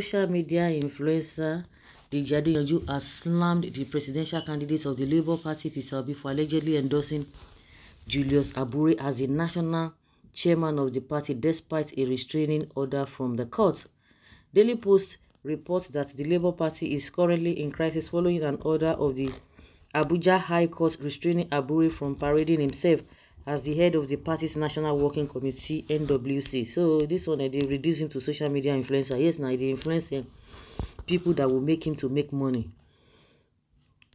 social media influencer Deji Adeyanju has slammed the presidential candidate of the Labour Party, Peter Obi, for allegedly endorsing Julius Abure as the national chairman of the party despite a restraining order from the court. Daily Post reports that the Labour Party is currently in crisis following an order of the Abuja High Court restraining Abure from parading himself as the head of the party's National Working Committee, NWC. So this one, eh, they reduce him to social media influencer. Yes, now they influence him. people that will make him to make money.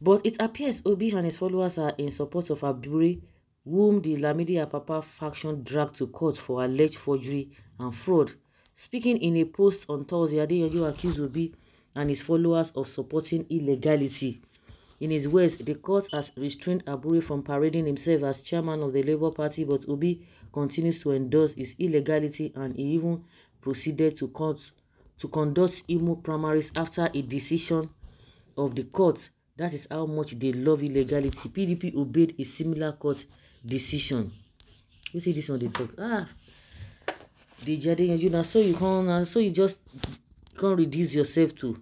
But it appears Obi and his followers are in support of Abure, whom the Lamidi Apapa faction dragged to court for alleged forgery and fraud. Speaking in a post on Thursday, Adeyanju accused Obi and his followers of supporting illegality. In his words, the court has restrained Aburi from parading himself as chairman of the Labour Party, but Obi continues to endorse his illegality and he even proceeded to court to conduct Imo primaries after a decision of the court. That is how much they love illegality. PDP obeyed a similar court decision. You see this on the talk. Ah, the jade you know, so you can't, so you just can't reduce yourself to.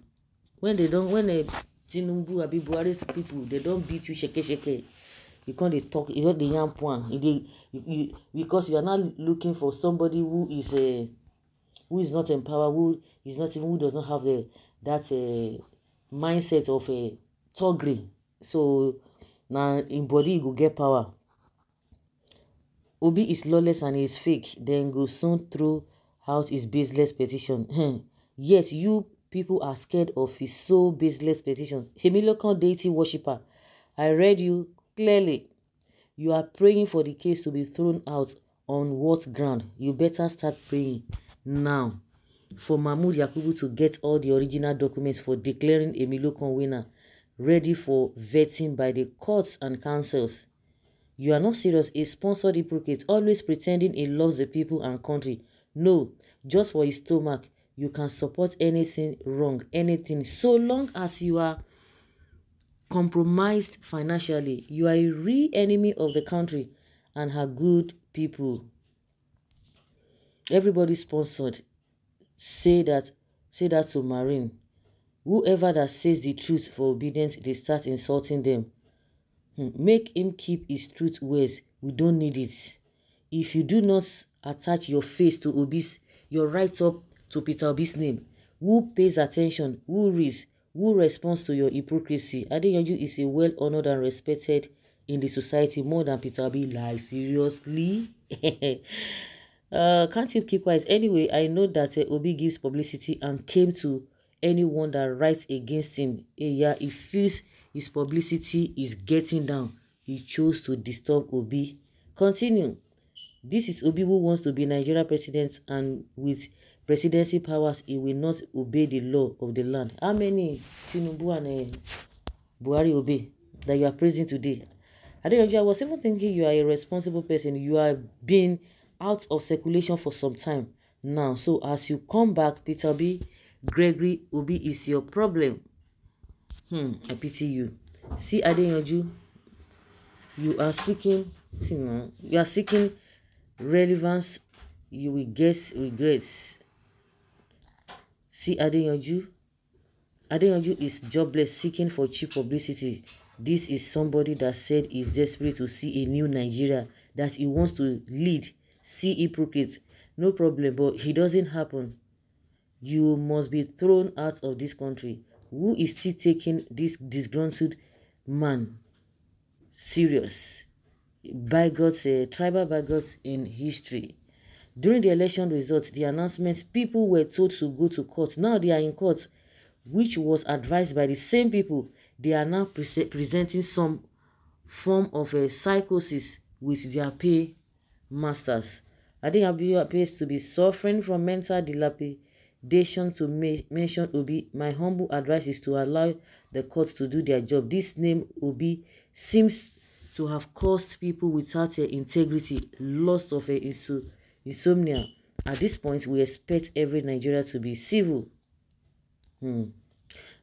When they don't, when they tinubu abi buhari people dem don beat you shekesheke you come dey talk you no dey yam one you dey you, because you are not looking for somebody who is uh, who is not empowered who is not even who does not have the that uh, mindset of uh, thuggery so na im body go get power obi is lawless and he is fake dem go soon throw out his baseless petition yet you People are scared of his so baseless petitions. Hemilokan deity worshipper, I read you clearly. You are praying for the case to be thrown out on what ground? You better start praying now for Mahmoud Yakubu to get all the original documents for declaring Emilokon winner ready for vetting by the courts and councils. You are not serious. A sponsored hypocrite always pretending he loves the people and country. No, just for his stomach you can support anything wrong, anything. So long as you are compromised financially, you are a real enemy of the country and her good people. Everybody sponsored. Say that, say that to Marine. Whoever that says the truth for obedience, they start insulting them. Hmm, make him keep his truth ways. We don't need it. If you do not attach your face to obeis, your right up to Peter Obi's name. Who pays attention? Who reads? Who responds to your hypocrisy? Adeyanju is a well honored and respected in the society more than Peter Obi. Like, seriously? uh, can't you keep quiet? Anyway, I know that uh, Obi gives publicity and came to anyone that writes against him. Uh, yeah, he feels his publicity is getting down. He chose to disturb Obi. Continue. This is Obi who wants to be Nigeria president and with presidency powers he will not obey the law of the land. How many Tinubu and uh, Buhari obey that you are praising today? Adeyanju, I was even thinking you are a responsible person. You are being out of circulation for some time now. So as you come back, Peter B, Gregory Obi is your problem. Hmm, I pity you. See Adeyanju, you are seeking, you are seeking relevance you will get regrets. See Adeyanju. Adeyanju is jobless seeking for cheap publicity. This is somebody that said is desperate to see a new Nigeria that he wants to lead. See hypocrite. No problem, but he doesn't happen. You must be thrown out of this country. Who is still taking this disgruntled man serious? bigots, uh, tribal bigots in history. During the election results, the announcements, people were told to go to court. Now they are in court, which was advised by the same people. They are now pre presenting some form of a psychosis with their pay masters. I Adeyabiyo appears to be suffering from mental dilapidation to mention Obi. My humble advice is to allow the court to do their job. This name Obi seems to have caused people without her integrity lots of her inso insomnia. At this point, we expect every Nigeria to be civil. Hmm.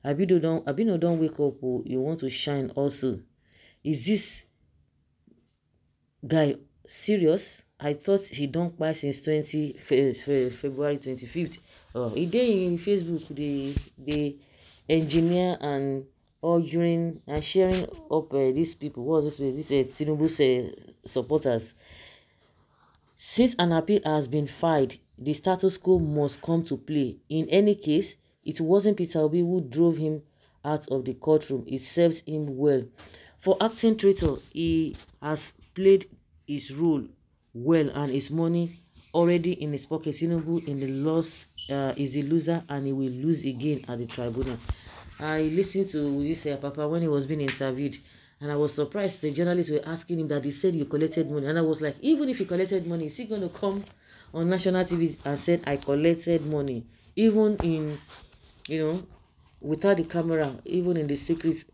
Abino don't Abino don't wake up. Oh, you want to shine also. Is this guy serious? I thought he don't buy since 20 fe, fe, February 25th. Oh, he did in Facebook the the engineer and during and sharing up uh, these people. What was this? These uh, Tinubu's uh, supporters. Since an appeal has been filed, the status quo must come to play. In any case, it wasn't Peter Obi who drove him out of the courtroom. It serves him well. For acting traitor, he has played his role well and his money already in his pocket. Tinubu in the loss uh, is a loser and he will lose again at the tribunal. I listened to this uh, Papa when he was being interviewed, and I was surprised. The journalists were asking him that he said you collected money, and I was like, even if he collected money, is he going to come on national TV and said I collected money, even in, you know, without the camera, even in the secret.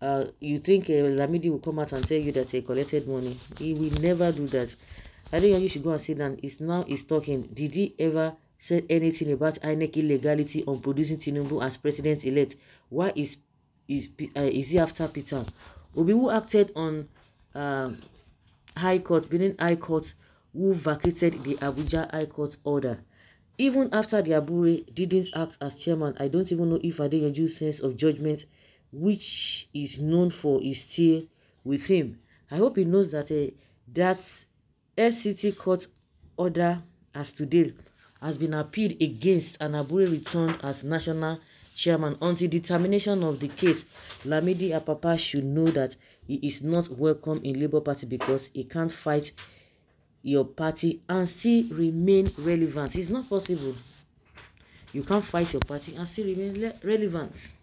Uh, you think uh, Lamidi will come out and tell you that he collected money? He will never do that. I think you should go and see that. It's now he's talking. Did he ever said anything about INEC illegality on producing Tinubu as president-elect. Why is is, uh, is he after Peter? Obiwu acted on uh, High Court, Benin High Court, who vacated the Abuja High Court order. Even after the Abure didn't act as chairman, I don't even know if Adeyanju's sense of judgment, which is known for, is still with him. I hope he knows that uh, that FCT court order as today has been appealed against and Abure returned as national chairman until determination of the case. Lamidi Apapa should know that he is not welcome in Labour Party because he can't fight your party and still remain relevant. It's not possible. You can't fight your party and still remain relevant.